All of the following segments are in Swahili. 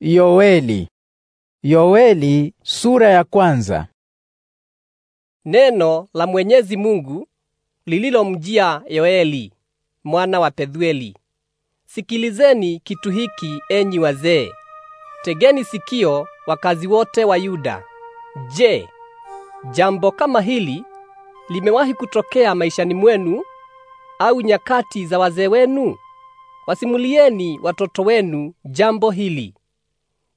Yoeli. Yoeli sura ya kwanza. Neno la Mwenyezi Mungu lililomjia Yoeli mwana wa pedhueli Sikilizeni kitu hiki, enyi wazee, tegeni sikio, wakazi wote wa Yuda. Je, jambo kama hili limewahi kutokea maishani mwenu au nyakati za wazee wenu? Wasimulieni watoto wenu jambo hili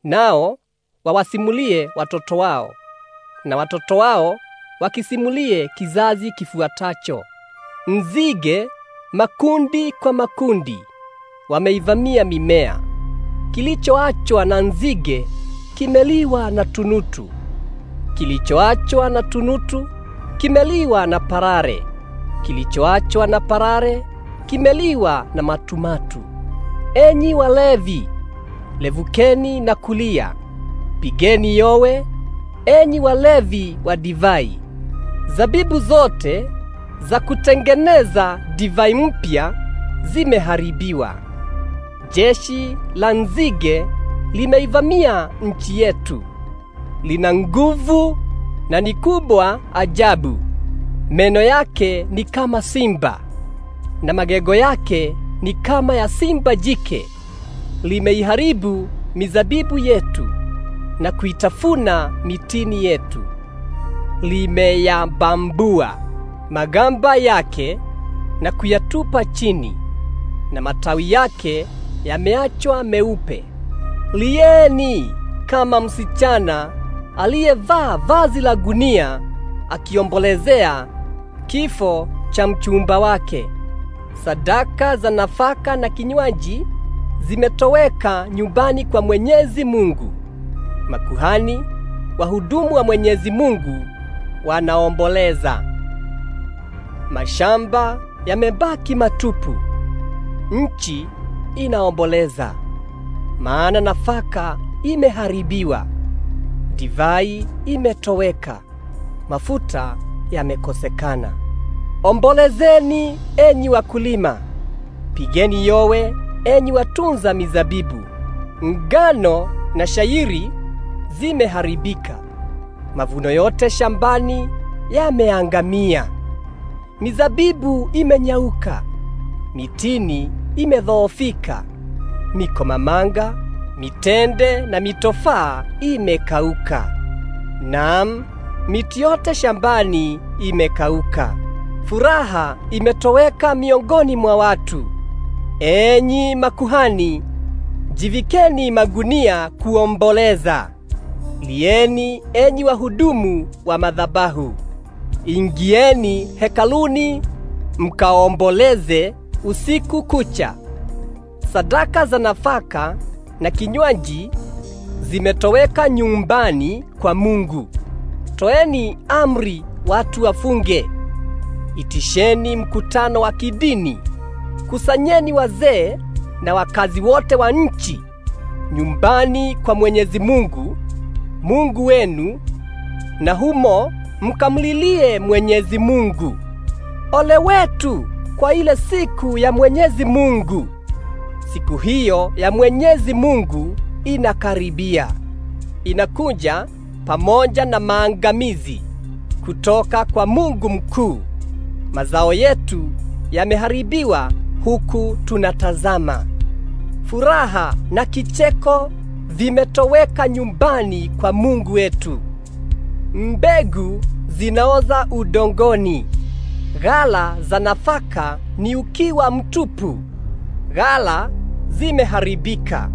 nao wawasimulie watoto wao, na watoto wao wakisimulie kizazi kifuatacho. Nzige makundi kwa makundi wameivamia mimea. Kilichoachwa na nzige kimeliwa na tunutu, kilichoachwa na tunutu kimeliwa na parare, kilichoachwa na parare kimeliwa na matumatu. Enyi walevi, levukeni na kulia, pigeni yowe, enyi walevi wa divai. Zabibu zote za kutengeneza divai mpya zimeharibiwa. Jeshi la nzige limeivamia nchi yetu, lina nguvu na ni kubwa ajabu. Meno yake ni kama simba na magego yake ni kama ya simba jike limeiharibu mizabibu yetu na kuitafuna mitini yetu. Limeyabambua magamba yake na kuyatupa chini, na matawi yake yameachwa meupe. Lieni kama msichana aliyevaa vazi la gunia akiombolezea kifo cha mchumba wake. Sadaka za nafaka na kinywaji zimetoweka nyumbani kwa Mwenyezi Mungu. Makuhani, wahudumu wa Mwenyezi Mungu wanaomboleza. Mashamba yamebaki matupu. Nchi inaomboleza maana nafaka imeharibiwa, divai imetoweka, mafuta yamekosekana. Ombolezeni enyi wakulima, pigeni yowe enyi watunza mizabibu, ngano na shairi zimeharibika, mavuno yote shambani yameangamia. Mizabibu imenyauka, mitini imedhoofika, mikomamanga, mitende na mitofaa imekauka. Naam, miti yote shambani imekauka. Furaha imetoweka miongoni mwa watu. Enyi makuhani, jivikeni magunia kuomboleza. Lieni enyi wahudumu wa madhabahu. Ingieni hekaluni mkaomboleze usiku kucha. Sadaka za nafaka na kinywaji zimetoweka nyumbani kwa Mungu. Toeni amri watu wafunge. Itisheni mkutano wa kidini kusanyeni wazee na wakazi wote wa nchi nyumbani kwa Mwenyezi Mungu, Mungu wenu, na humo mkamlilie Mwenyezi Mungu. Ole wetu kwa ile siku ya Mwenyezi Mungu! Siku hiyo ya Mwenyezi Mungu inakaribia, inakuja pamoja na maangamizi kutoka kwa Mungu mkuu. Mazao yetu yameharibiwa huku tunatazama. Furaha na kicheko vimetoweka nyumbani kwa Mungu wetu. Mbegu zinaoza udongoni. Ghala za nafaka ni ukiwa mtupu. Ghala zimeharibika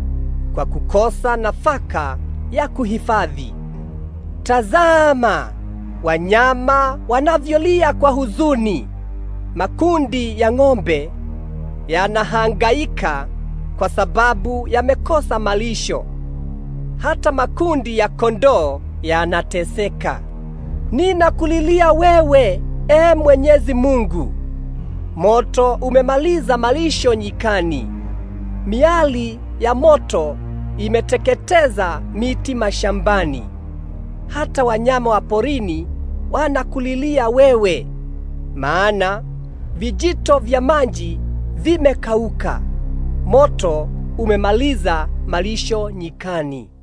kwa kukosa nafaka ya kuhifadhi. Tazama wanyama wanavyolia kwa huzuni. Makundi ya ng'ombe yanahangaika kwa sababu yamekosa malisho. Hata makundi ya kondoo yanateseka. Ninakulilia wewe, e Mwenyezi Mungu. Moto umemaliza malisho nyikani, miali ya moto imeteketeza miti mashambani. Hata wanyama wa porini wanakulilia wewe, maana vijito vya maji vimekauka, moto umemaliza malisho nyikani.